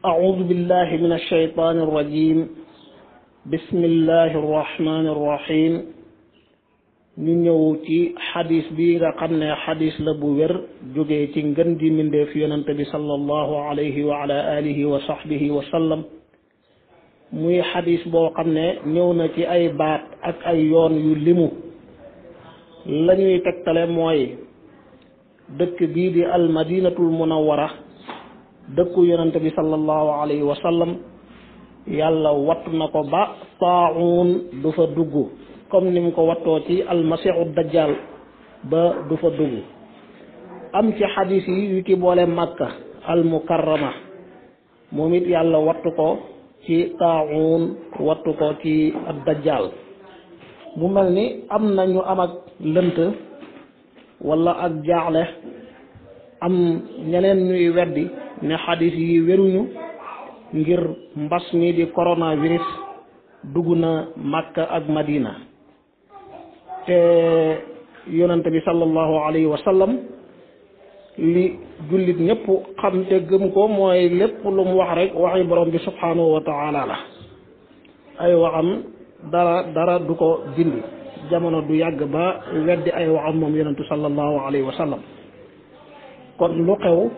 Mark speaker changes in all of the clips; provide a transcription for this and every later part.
Speaker 1: أعوذ بالله من الشيطان ñu ñëw ci xadis bi nga ne xadis la bu wér jógee ci ngën di mbindeef yonent bi sallallahu alayhi wa ala wa sahbihi wa sallam muy xadis boo xam ne ñëw na ci ay baat ak ay yoon yu limu la ñuy tegtale mooy dëkk bii di almadinatul munawwara dëkku yonante bi sallallahu alayhi wa sallam yàlla wattu na ko ba taaxuun du fa dugg comme ni mu ko wattoo ci almasiixu dajjal ba du fa dugg am ci xadis yi yu ci boole màkka almukarrama moom it yàlla wattu ko ci taaxuun wattu ko ci dajjal mu mel ni am na ñu am ak lënt wala ak jaaxle am ñeneen ñuy weddi ne xadis yi wéruñu ngir mbas mi di coronavirus dugg na Makka ak Madina te yonante bi sallallahu alayhi wa li jullit ñëpp xam te gëm ko mooy lépp lu mu wax rek waxi borom bi subhanahu wa la ay waxam dara dara du ko dindi jamono du yàgg ba weddi ay waxam moom yonantu sallallahu alayhi wa sallam kon lu xew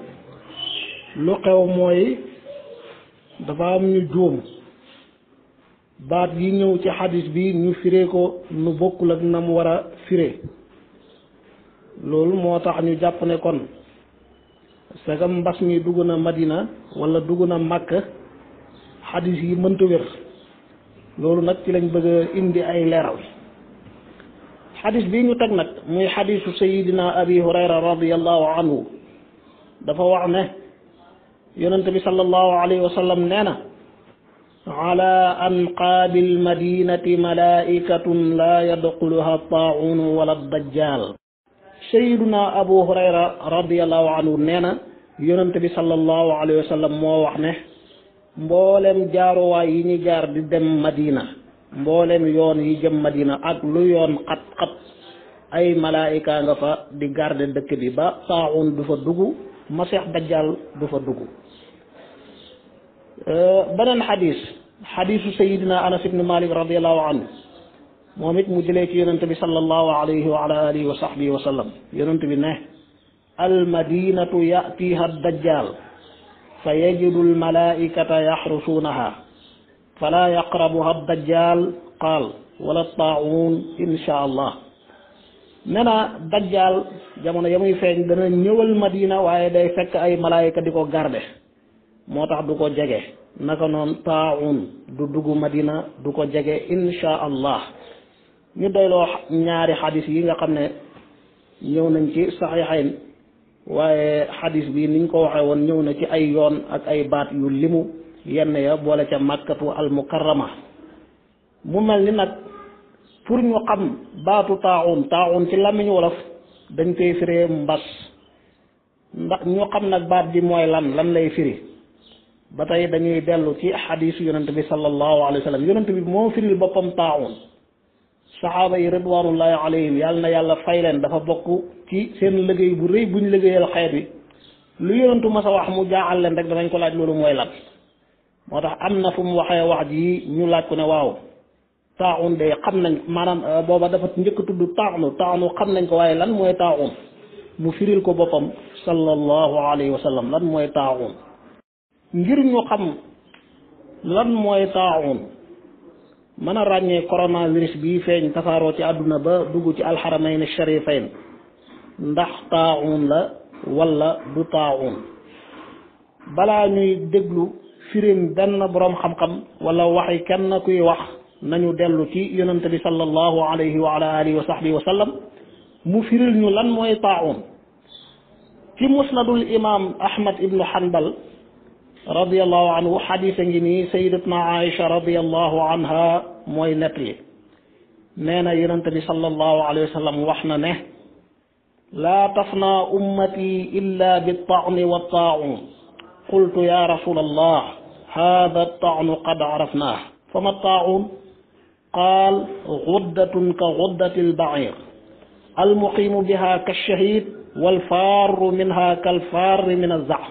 Speaker 1: lu xew mooy dafa am ñu juum baat yi ñëw ci xadis bi ñu firee ko nu bokkul ak nam war a firee loolu moo tax ñu jàpp ne kon sagam mbas mi dugg na Madina wala dugg na Màkka xadis yi mënta wér loolu nag ci lañ bëgg a indi ay leeral xadis bi ñu teg nag muy xadisu sayidina abi hurayra radiallahu anhu dafa wax ne yonent bi sallallahu alayhi wa sallam nee na ala anqaabil madinati malaikatun la yadxuluha taaun wala dajjal sayyiduna abu hurayra radiallahu anhu nee na bi sallallahu alayhi wa moo wax ne mboolem jaaruwaay yi ñu gaar di dem madina mboolem yoon yi jëm madina ak lu yoon xat-xat ay malaayika fa di garder dëkk bi ba taaxun du fa dugg maseex dajjal du fa dugg euh, beneen xadis xadisu sayidina anas ibnu malik radiallahu anhu moom it mu jëlee ci yonente bi sallallahu alayhi wa ala alihi wa sahbihi wa sallam yonente bi ne almadinatu yatiha dajjal fa yajidu almalaikata yaxrusuunaha fala yaqrabuha dajjal qaal wala taaun insha allah ne na dajjaal jamono ya muy feeñ dana ñëwal madina waaye day fekk ay malaayika di ko garde moo tax du ko jege naka noonu taaun du dugg madina du ko jege insha allah ñu doyloo ñaari xadis yi nga xam ne ñëw nañ ci saxiixayn waaye xadis bii niñ ko waxee woon ñëw na ci ay yoon ak ay baat yu limu yenn ya boole ca màkkatu al mukarrama mu mel ni nag pour ñu xam baatu taaxun taaxun ci làmmiñ wolof dañ koy firee mbas ndax ñu xam nag baat bi mooy lan lan lay firi ba tey dañuy dellu ci xadiisu yonent bi sallallahu alayhi wa sallam yonent bi moo firil boppam taaxun saxaaba yi ridwanullahi alayhim yàlla na yàlla fay leen dafa bokk ci seen liggéey bu rëy bu ñu liggéeyal xeet wi lu yonentu mas a wax mu jaaxal leen rek danañ ko laaj loolu mooy lan moo tax am na fu mu waxee wax ji ñu laaj ko ne waaw taaun de xam nañ maanaam euh, booba dafa njëkk a tudd taanu taanu xam nañ ko waaye lan mooy taaun mu firil ko boppam sallallahu alayhi wa lan mooy taaun ngir ñu xam lan mooy taaun mën a ràññee coronavirus bii feeñ tasaaroo ci àdduna ba dugg ci alxaramayn sharifayn ndax taaun la wala du taaun balaa ñuy déglu firim benn boroom xam-xam wala waxi kenn kuy wax nañu dellu ci yonante bi sallallahu alayhi wa ala alihi wa sahbihi wa sallam mu firil ñu lan mooy taaun ci musnadul imam ahmad ibnu hanbal radiallahu anhu xadis a ngi nii sayidatna aïcha radiallahu anha mooy nettali nee na yonante bi sallallahu alayhi wa sallam wax na ne laa tafna ummati illa bittauni wa taaun qultu ya rasul allah hada taaunu qad arafnaa fama taaun qaal xuddatun ka xuddati albair almuqimu biha kashahid walfarru minha kalfarri min azaf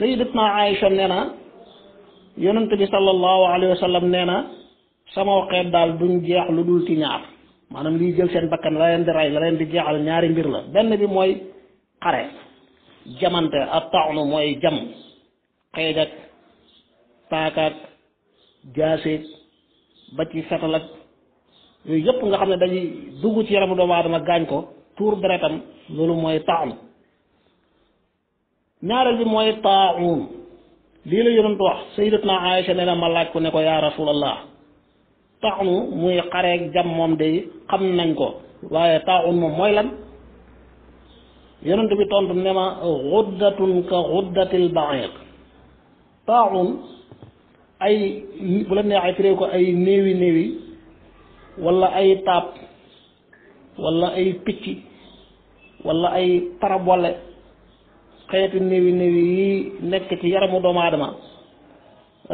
Speaker 1: sayidatna Aïcha nee na yonent bi sallallahu alayhi wa sallam nee na sama xeet daal duñ jeex lu dul ci ñaar maanaam liy jël seen bakkan la leen di rey la leen di jeexal ñaari mbir la benn bi mooy xare jamante ak taxnu mooy jam xeej ak paakaak jaaseeg ba ci fetal ak yooyu yëpp nga xam ne dañuy dugg ci yaramu doomu aadama gaañ ko tuur deretam loolu mooy taanu ñaareel bi mooy taawun lii la yonent wax sayyidatna Aïcha nee na ma laaj ko ne ko yaa rasulallah taanu muy xareeg jam moom de xam nañ ko waaye taawun moom mooy lan yonent bi tontu ne ma xuddatun ka xuddatil ba'iir taawun ay bu la neexee firee ko ay néewi néewi wala ay taab wala ay picc wala ay parabole xeetu néewi néewi yi nekk ci yaramu doomu aadama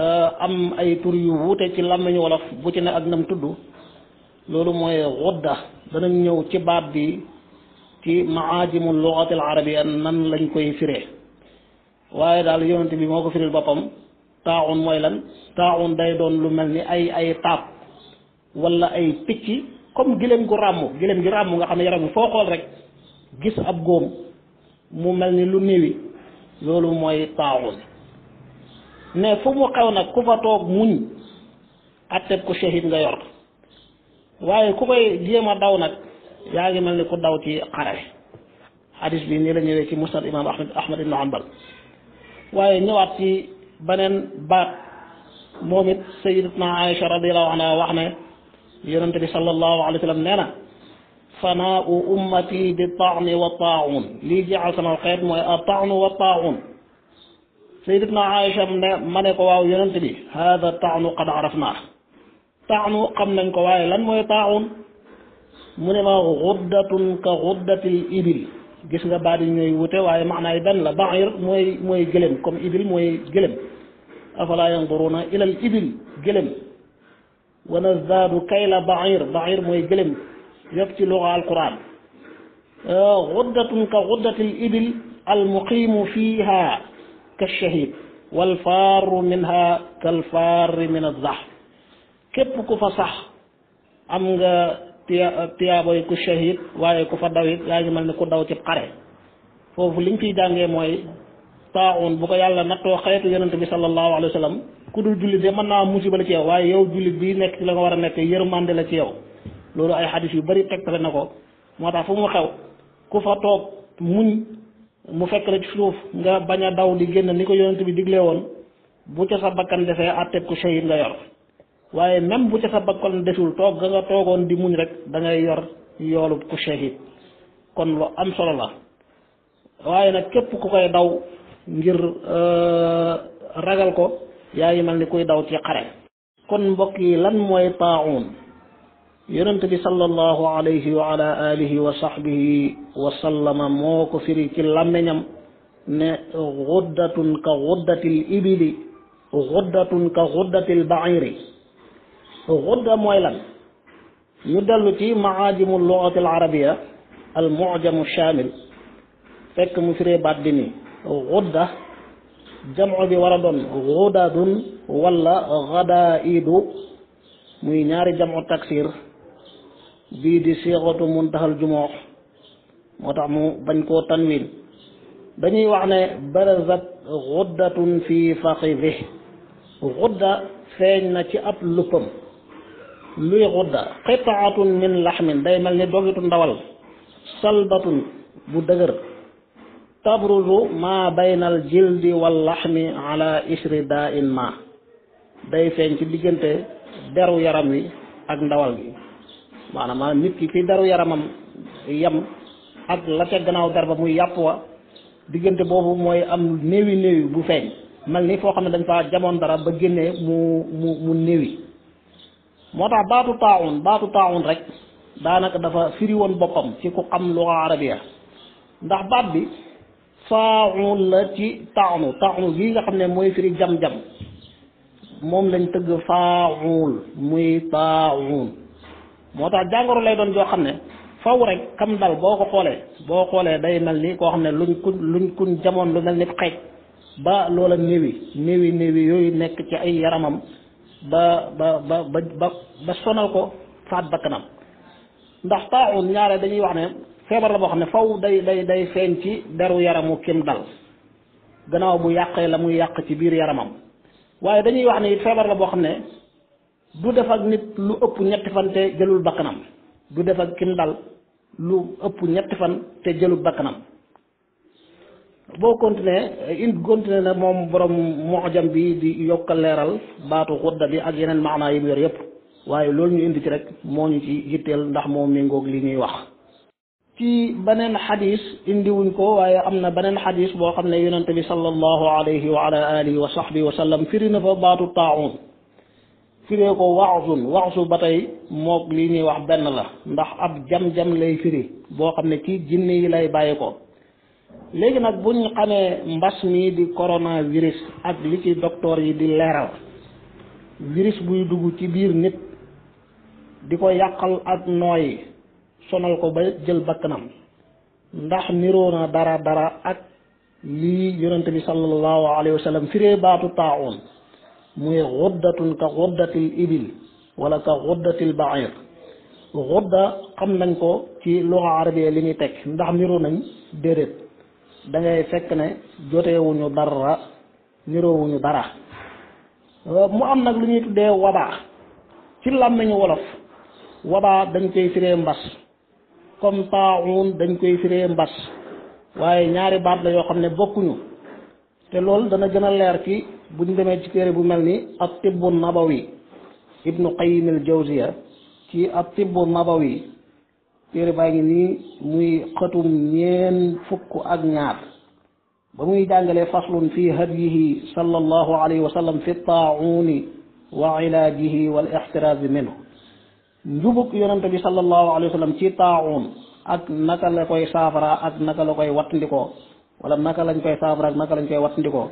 Speaker 1: euh, am ay tur yu wuute ci làmmiñu wolof bu ci ne ak nam tudd loolu mooy wodda danañ ñëw ci baat bi ci maajimu lugatil arabia nan lañ koy firee waaye daal yonent bi moo ko firil boppam taaxun mooy lan taaxun day doon lu mel ni ay ay taab wala ay picc comme gileem gu ràmm gileem gi ràmm nga xam ne yaram bi foo xool rek gis ab góom mu mel ni lu néewi loolu mooy taaxun ne fu mu xew nag ku fa toog muñ atteb ko shahid nga yor waaye ku koy jéem a daw nag yaa ngi mel ni ku daw ci xare xadis bi nii la ñëwee ci musnad imam ahmad ahmad ibn hanbal waaye ñëwaat ci beneen baat moom it sayidatna aïcha radiallahu anha wax ne yonente bi sallallahu alayhi wa sallam nee na fanaau ummati bi taani wa taaun lii jeexal sama xeet mooy a taanu wa taaun sayidatna aïcha ne ma ne ko waaw yonente bi hada taanu qad arafnaa taanu xam nañ ko waaye lan mooy taaun mu ne ma xuddatun ka xuddati l ibil gis nga baat yi ñooy wute waaye maanaay benn la bair mooy mooy gëlëm comme ibil mooy gëlëm afala yanzuruna ilal ibil gëlëm wa nazaadu kayla bair bair mooy gëlëm yëpp ci luga alquran xuddatun euh, ka xuddatil ibil almuqimu fiha kashahid walfaaru minha kalfaari min azzax képp ku fa sax am nga tiya tiyaabo yi ku shahid waaye ku fa dawit yaa ngi mel ni ku daw ci xare foofu liñ fiy jàngee mooy taaxoon bu ko yàlla nattoo xeetu yonent bi sallallahu alayhi wa sallam ku dul jullit de mën naa musiba la ci yow waaye yow jullit bi nekk ci la nga war a nekk yërmande la ci yow loolu ay xadis yu bari tegtale na ko moo tax fu mu xew ku fa toog muñ mu fekk la ci suuf nga bañ a daw di génn ni ko yonent bi digle woon bu ca sa bakkan defee àtteeb ku shahid nga waaye même bu ca sa bakkan desul toog nga toogoon di muñ rek da ngay yor yoolu ku shahid kon lu am solo la waaye nag képp ku koy daw ngir euh, ragal ko yaa ngi mel ni kuy daw ci xare kon mbokk yi lan mooy taaun yonent bi sallallahu alayhi wa ala alihi wa sahbihi wa sallama moo ko firi ci làmmiñam ne xuddatun ka xuddatil ibili xuddatun ka xuddatil bairi xudda mooy lan ñu dellu ci maajimu luxati al arabiya al mujamu fekk mu firee baat bi nii xudda jamco bi war a doon xudaadun wala xadaidu muy ñaari jamco taksir bii di siixatu muntaxal jumoox moo tax mu bañ koo tanwin dañuy wax ne barazat xuddatun fi faxidi xudda feeñ na ci ab luppam luy xudda qitaatun min laxmin day mel ni dogitu ndawal salbatun bu dëgër tabruzu ma baynal jildi wal laxmi ala ishri daa in ma day feeñ ci diggante deru yaram wi ak ndawal gi maanaam nit ki fi deru yaramam yem ak la ca gannaaw der ba muy yàpp wa diggante boobu mooy am néewi néewi bu feeñ mel ni foo xam ne dañ fa jamoon dara ba génnee mu mu mu néewi moo tax baatu taaxun baatu taaxun rek daanaka dafa firi woon boppam ci ku xam lu arabiya ndax baat bi faaxun la ci taaxunu taaxunu gii nga xam ne mooy firi jam-jam moom lañ tëgg faaxuul muy taaxun moo tax jàngoro lay doon joo xam ne faw rek kam dal boo ko xoolee boo xoolee day mel ni koo xam ne luñ kun luñ kun jamoon lu mel ni xeej ba loola néewi néewi néewi yooyu nekk ci ay yaramam ba ba ba ba ba sonal ko faat bakkanam ndax taaxun ñaare dañuy wax ne feebar la boo xam ne faw day day day feeñ ci deru yaramu kim dal gannaaw bu yàqee la muy yàq ci biir yaramam waaye dañuy wax ne it feebar la boo xam ne du def ak nit lu ëpp ñetti fan te jëlul bakkanam du def ak kim dal lu ëpp ñetti fan te jëlul bakkanam boo continuer in continuer moom borom mojam bi di yokk leeral baatu xudda bi ak yeneen maanaa yi mu yor yépp waaye loolu ñu indi ci rek moo ñu ci yitteel ndax moo méngoog lii ñuy wax ci beneen xadis indiwuñ ko waaye am na beneen xadis boo xam ne yonente bi sallallahu alayhi wa ala alihi wa sahbihi wa sallam firi na fa baatu taaun firee ko waxsun waxsu ba tey moog lii ñuy wax benn la ndax ab jam-jam lay firi boo xam ne ci jinne yi lay bàyyi ko léegi nag bu ñu xamee mbas mii di wiris ak li ci docteur yi di leeral virus buy dugg ci biir nit di ko yàqal ak nooyi sonal ko ba jël bakkanam ndax niroo na dara dara ak lii yonente bi sallallahu alayhi wa sallam firee baatu taaun muy xuddatun ka xuddatil ibil wala ka xuddatil bair xudda xam nañ ko ci luxa arabiya li ñuy teg ndax niroo nañ déedéet dangay fekk ne jotewuñu dara niroowuñu dara euh, mu am nag lu ñuy tuddee wabaa ci làmmiñu wolof wabaa dañ koy firee mbas comme taaxuun dañ koy firee mbas waaye ñaari baat la yoo xam ne bokkuñu te loolu dana gën a leer ci buñ demee ci téere bu mel ni ab tibbu nabawi ibnu qayyim al jawziya ci ab tibbu nabawi téere baa ngi nii muy xëtum ñeen fukk ak ñaar ba muy jàngalee faslun fi hadyihi sallallahu alayhi wa sallam fi taauni wa ilaajihi wal ixtiraazi minhu njubug yonente bi sallallahu alayhi wa ci taaun ak naka la koy saafara ak naka la koy wattandikoo wala naka lañ koy saafara ak naka lañ koy wattandikoo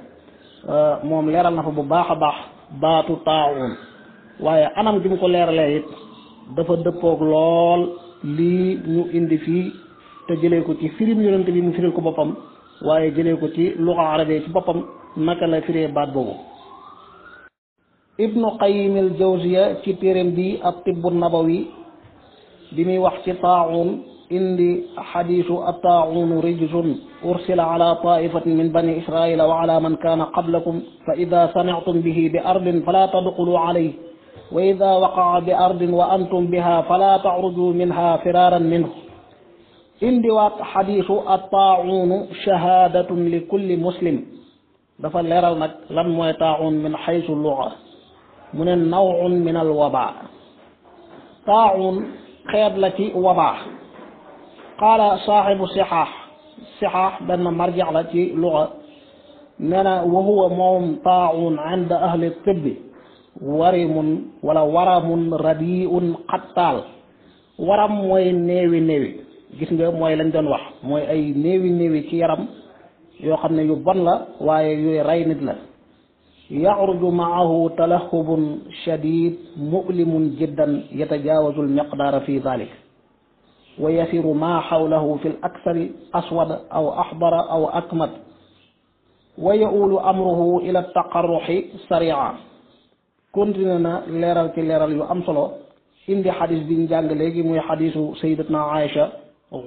Speaker 1: euh, moom leeral na fa bu baax a baax baatu taaun waaye anam gi ko leeralee it dafa dëppoog lool lii ñu indi fii te jëlee ko ci firim yonent bi mu firil ko boppam waaye jëlee ko ci luxa arabe ci boppam naka la firee baat boobu ibnu qayyim al jawziya ci téeréem bi ab tibbu nabawi bi muy wax ci taaxuun indi xadiisu a taaxuunu rijsun ursila ala taifatin min bani israila wa ala man kaana qablakum fa ida samictum bihi bi ardin fala tadxulu alayh wa ida waqaa bi ardin wa antum biha fala taxruju minha firaran minhu indiwaat xadiisu attaacuunu shahaadatun li kulli muslim dafa leeral nag lan mooy taacuun min xaysu luga mu ne nawun min al wabaa taacuun xeet la ci wabaa qaala saaxibu sixaax sixaax benn marjax la ci luga nee na wa huwa moom taacuun inda ahli tibbi warimun wala waramun radiun xattaal waram mooy néewi néewi gis nga mooy lañ doon wax mooy ay néewi néewi ci yaram yoo xam ne yu bon la waaye yooyu rey nit la yaxruju maahu talahubun shadid mulimun jiddan yatajaawazu almiqdaara fi dalik wa yasiru maa xawlahu fi l aksari aswad aw axdara aw akmat wa yaulu amruhu ila altaqarruxi sarica continué na leeral ci leeral yu am solo indi xadis bi ñu léegi muy xadisu sayyidatna Aïcha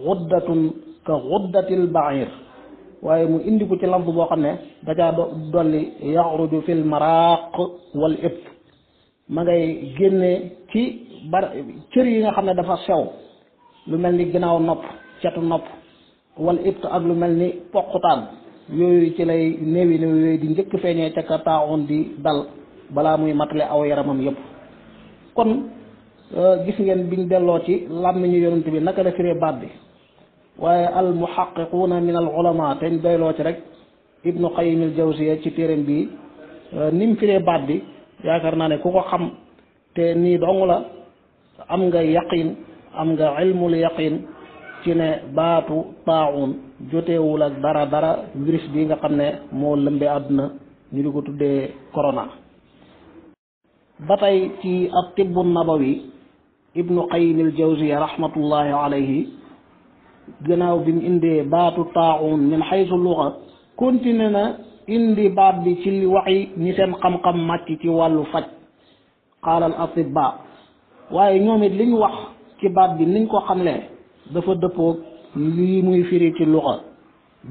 Speaker 1: xuddatun ka xuddatil bair waaye mu indi ko ci lamp boo xam ne dacaa dolli yaxruju fil maraq wal ibt ma ngay génne ci bar cër yi nga xam ne dafa sew lu mel ni ginnaaw nopp cetu nopp wal ibt ak lu mel ni poqutaan yooyu ci lay néewi néewi yooyu di njëkk feeñee ca ka di dal balaa muy matale aw yaramam yëpp kon euh, gis ngeen biñ delloo ci làmmiñu yonent bi naka la firee baat bi waaye al muhaqiquuna min al ulama te ñu doyloo ci rek ibnu qayim al jawziya ci téeréem bi euh, ni mu baat bi yaakaar naa ne ku ko xam te nii dong la am nga yaqin am nga ilmul yaqin ci ne baatu taaun joteewul ak dara dara virus bi nga xam ne moo lëmbe àdduna ñu di ko tuddee corona ba tey ci ab tibbu nabawi ibnu qayyim al jawziya rahmatullahi alayhi gannaaw bi mu indee baatu taaxuun min xaysu luxa continué na indi baat bi ci li waxi ñi seen xam-xam màcc ci wàllu faj qaala al atibaa waaye ñoom it liñ wax ci baat bi niñ ko xamlee dafa dëppoog lii muy firi ci luxa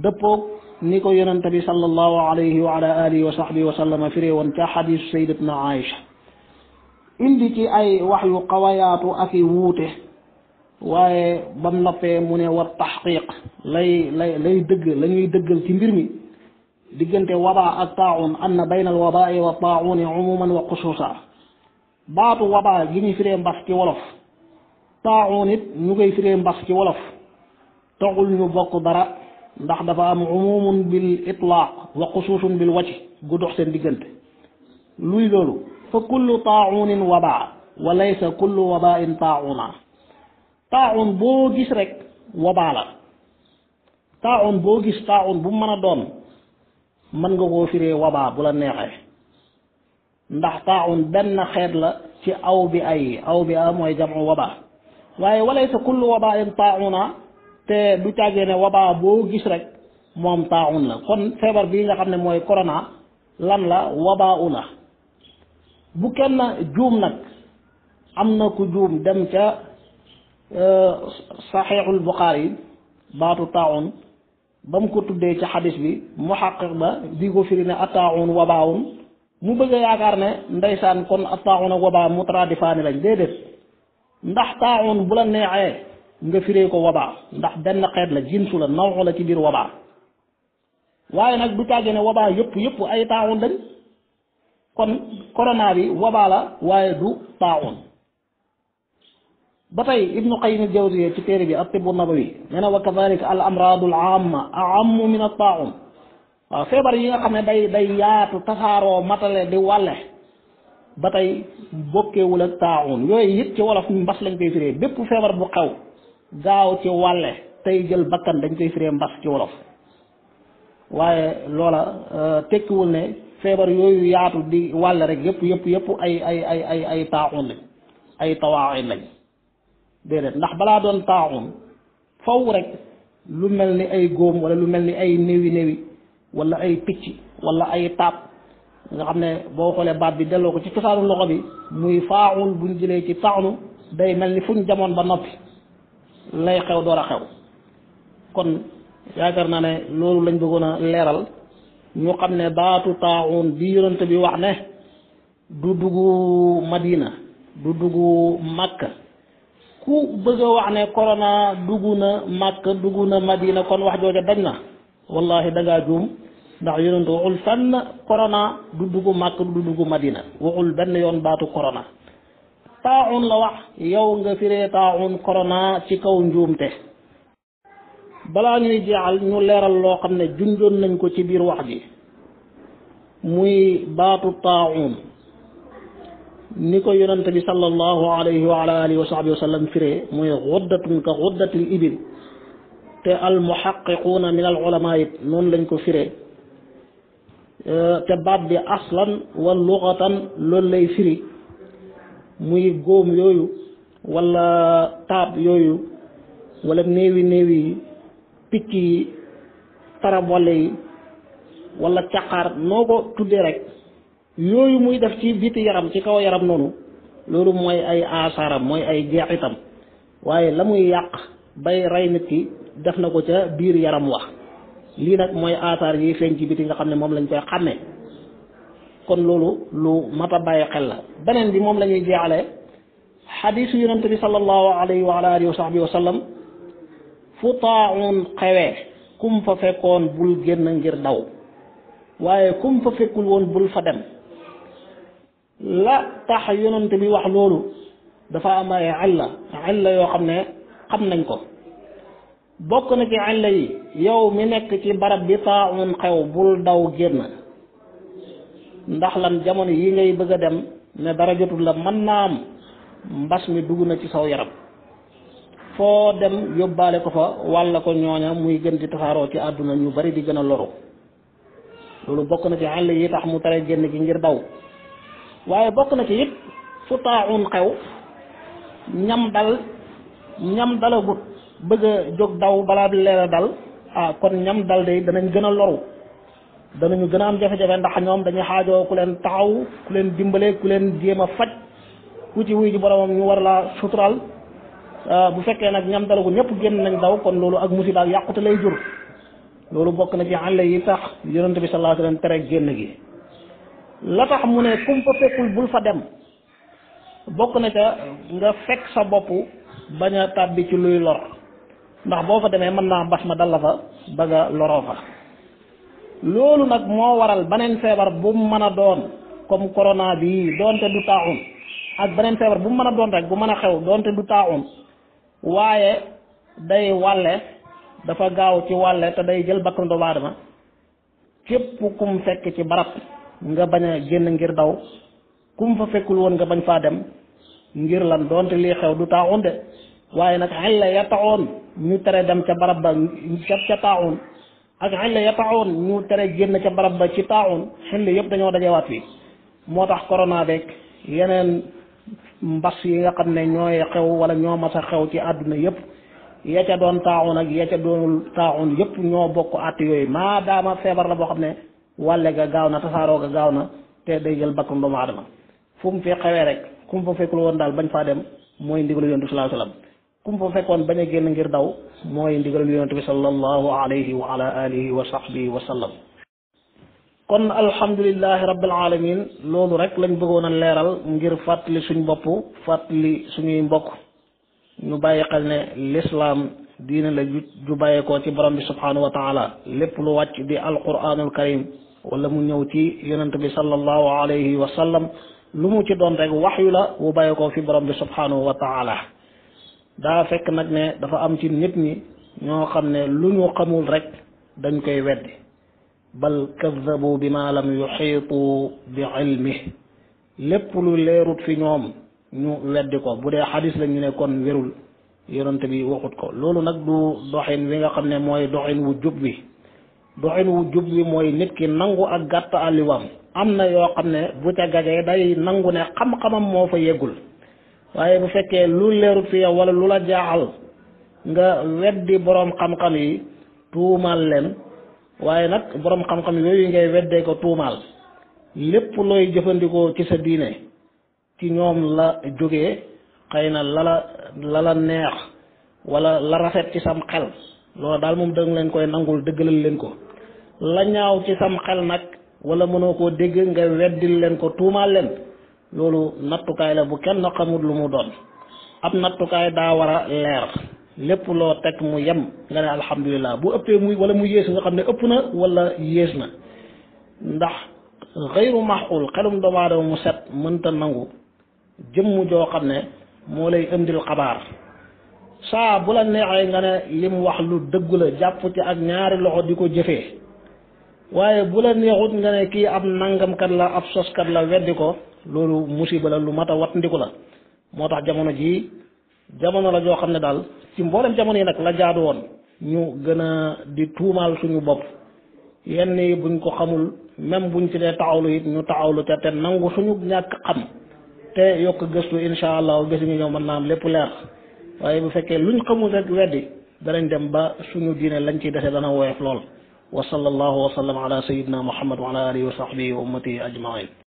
Speaker 1: dëppoog ni ko yonente bi sallallahu alayhi wa ala alihi wa sahbihi wa sallama firee woon ca xadisu indi ci ay wax yu xawayaatu ak i wuute waaye bam noppee mu ne war taxqiq lay lay lay dëgg lañuy ñuy dëggal ci mbir mi diggante wabaa ak taaun anna bayna al wabaai wa taauni umuman wa xusuusa baatu wabaa gi ñu firee mbas ci wolof taaun it ñu koy firee mbas ci wolof taxul ñu bokk dara ndax dafa am umumun wa xusuusun bil wacc gu dox seen diggante luy loolu fa kullu taaxunin wabaa wa laysa kullu wabain taaxuna taaxun boo gis rek wabaa la taaxun boo gis taaxun bu mën a doon mën nga koo firee wabaa bu la neexee ndax taaxun benn xeet la ci aw bi ay aw bi a mooy jamu wabaa waaye wa laysa kullu wabain taaxuna te du càggee ne wabaa boo gis rek moom taaxun la kon feebar bii nga xam ne mooy corona lan la wabaa u la bu kenn juum nag am na ko juum dem ca euh, saxiixul buxaari baatu taawun ba mu ko tuddee ci xadis bi mu xaqiq ba di ko firi ne attaawun wabaawun mu bëgg yaakaar ne ndeysaan kon attaawun ak wabaa mutaraadifaani lañ déedéet ndax taawun bu la neexee nga firee ko wabaa ndax benn xeet la jinsu la naw la ci biir wabaa waaye nag du tàgge ne wabaa yëpp yëpp ay taawun lañ kon corona bi wabaa waaye du taaun ba tey ibnu qayim al ci téere bi at-tibbu nabawi nee na wa kadalika al amraadu al aama aammu min al taaun waaw feebar yi nga xam ne day day yaatu tasaaroo matale di wàlle ba tey bokkeewul ak taaun yooyu it ci wolof mbas lañ koy firee bépp feebar bu xew gaaw ci wàlle tey jël bakkan dañ koy firee mbas ci wolof waaye loola euh, tekkiwul ne feebar yooyu yaatu di wàll rek yépp yëpp yëpp ay ay ay ay ay taaxun lañ ay tawaaxin lañ déedéet ndax balaa doon taaxun faw rek lu mel ni ay góom wala lu mel ni ay néwi néwi wala ay picc wala ay taab nga xam ne boo xoolee baat bi delloo ko ci cosaanu loxo bi muy faaxul buñ jëlee ci taxnu day mel ni fuñ jamoon ba noppi lay xew door a xew kon yaakaar naa ne loolu lañ bëggoon a leeral ñu xam ne baatu taaxuun bi yonent bi wax ne du duggu Madina du duggu Makka ku bëgg wax ne corona dugg na Makka dugg na Madina kon wax jooja dañ na wallahi dangaa juum ndax yonent waxul fenn corona du duggu Makka du duggu Madina waxul benn yoon baatu corona taaxuun la wax yow nga firee taaxuun corona ci kaw njuumte balaa ñuy jeexal ñu leeral loo xam ne junjoon nañ ko ci biir wax ji muy baatu taaun ni ko yonante bi sallallahu alayhi wa ala alihi wa sahbihi wa sallam firee muy xuddatun ka xuddatil ibil te al muhaqiquuna min al ulama it noonu lañ ko firee te baat bi aslan wa luxatan loolu lay firi muy góom yooyu wala taab yooyu wala néewi néewi yi picc yi tarabole yi wala caqaar noo ko tuddee rek yooyu muy def ci biti yaram ci kaw yaram noonu loolu mooy ay asaaram mooy ay jeexitam waaye la muy yàq bay rey nit ki def na ko ca biir yaram wa lii nag mooy asaar yi feeñ ci biti nga xam ne moom lañ koy xàmmee kon loolu lu mata bàyyi xel la beneen bi moom lañuy ñuy jeexale xadiisu yonent bi sallallahu alayhi wa alihi wa sahbihi fu taaxun xewe kum fa fekkoon bul génn ngir daw waaye kum fa fekkul woon bul fa dem la tax yonent bi wax loolu dafa am ay àlla àlla yoo xam ne xam nañ ko bokk na ci àlla yi yow mi nekk ci barab bi taaxun xew bul daw génn ndax lan jamono yi ngay bëgg a dem ne dara jotul la mën naa am mbas mi dugg na ci saw yaram foo dem yóbbaale ko fa wàll ko ñooña muy gën di tasaaroo ci àdduna ñu bari di gën a loru loolu bokk na ci àll yi tax mu tere génn gi ngir daw waaye bokk na ci it fu taaxun xew ñam dal ñam dalagut bëgg a jóg daw balaa leer a dal ah kon ñam dal de danañ gën a loru danañu gën a am jafe-jafe ndax ñoom dañuy xaajoo ku leen taxaw ku leen dimbale ku leen jéem a faj ku ci wuy ji boromam ñu war laa sutural Euh, bu fekkee nag ñam dalagu ñëpp génn nañ daw kon loolu ak musiba ak yàqute lay jur loolu bokk na ci àll yi tax yonent bi sallallahu alayhi wasallam tere génn gi la tax mu ne kum fa fekkul bul fa dem bokk na ca nga fekk sa boppu bañ a tàbbi ci luy lor ndax boo fa demee mën naa mbas ma dal fa ba nga loroo fa loolu nag moo waral beneen feebar bu mu mën a doon comme corona bi doonte du taaxun ak beneen feebar bu mu mën a doon rek bu mën a xew doonte du taaxun waaye day wàlle dafa gaaw ci wàlle te day jël bakkanu doomu aadama képp kum fekk ci barab nga bañ a génn ngir daw kum fa fekkul woon nga bañ faa dem ngir lan doonte lii xew du taaxun de waaye nag xel la ya taxoon ñu tere dem ca barab ba ca ca taaxun ak xel la ya taxoon ñu tere génn ca barab ba ci taaxun xel yëpp dañoo waat fii moo tax corona yeneen mbas yi nga xam ne ñooy xew wala ñoo mas a xew ci àdduna yëpp ya ca doon taaxoon ak ya ca doonul taaxoon yëpp ñoo bokk àtt yooyu maadaama feebar la boo xam ne wàlle ga gaaw na tasaaroo ga gaaw na te day jël bakkan doomu aadama fu mu fi xewee rek ku mu fa fekkul woon daal bañ faa dem mooy ndigalu yonent bi sallallahu alayhi wa sallam ku fekkoon bañ génn ngir daw mooy ndigalu yonent bi wa ala alihi wa sahbihi kon alhamdulilahi rabbil alamin loolu rek lañ bëggoon a leeral ngir fàttali suñ bopp li suñuy mbokk ñu bàyyi xel ne lislaam diine la ju ju bàyyeekoo ci borom bi subhanahu wa taala lépp lu wàcc di alquranul karim wala mu ñëw ci yonent bi sallallahu alayhi wa lu mu ci doon rek waxyu la wu bàyyeekoo fi borom bi subhanahu wa taala daa fekk nag ne dafa am ci nit ñi ñoo xam ne lu ñu xamul rek dañ koy weddi bal kaddabu bi ma lam yuxiitu bi ilmihi lépp lu leerut fi ñoom ñu weddi ko bu dee xadis la ñu ne kon wérul yonent bi waxut ko loolu nag du doxin wi nga xam ne mooy doxin wu jub wi doxin wu jub bi mooy nit ki nangu ak gàtt àlliwam am na yoo xam ne bu ca gagee day nangu ne xam-xamam moo fa yeggul waaye bu fekkee lu leerut fi yow wala lu la jaaxal nga weddi boroom xam-xam yi tuumal leen waaye nag boroom xam-xam yooyu ngay weddee ko tuumaal lépp looy jëfandikoo ci sa diine ci ñoom la jóge xay na lala lala neex walla la rafet ci sam xel loolu daal moom danga leen koy nangul dëggalal leen ko la ñaaw ci sam xel nag wala mënoo koo dégg nga weddil leen ko tuumaal leen loolu nattukaay la bu kenn xamul lu mu doon ab nattukaay daa war a leer lépp loo teg mu yem nga ne alhamdulilah bu ëppee muy wala mu yées nga xam ne ëpp na wala yées na ndax xayru maxul xelum doomu aadama mu set mënta nangu jëmm joo xam ne moo lay ëndil xabaar saa bu la neexee nga ne lim wax lu dëgg la jàpp ci ak ñaari loxo di ko jëfee waaye bu la neexut nga ne kii ab nangamkat la ab soskat la weddi ko loolu musiba la lu mat a watndiku la moo tax jamono jii jamono la joo xam ne daal ci mboolem jamono yi nag la jaadu woon ñu gën a di tuumaal suñu bopp yenn yi buñ ko xamul même buñ ci dee taxawlu it ñu taxawlu ca te nangu suñu ñàkk xam te yokk gëstu incha allah gëstu ñu ñëw mën naa am lépp leer waaye bu fekkee luñ xamul rek weddi danañ dem ba suñu diine lañ ciy dese dana woyof lool wa sallallahu wa sallam ala sayyidina muhammad wa ala alihi wa sahbihi wa ummatihi ajmain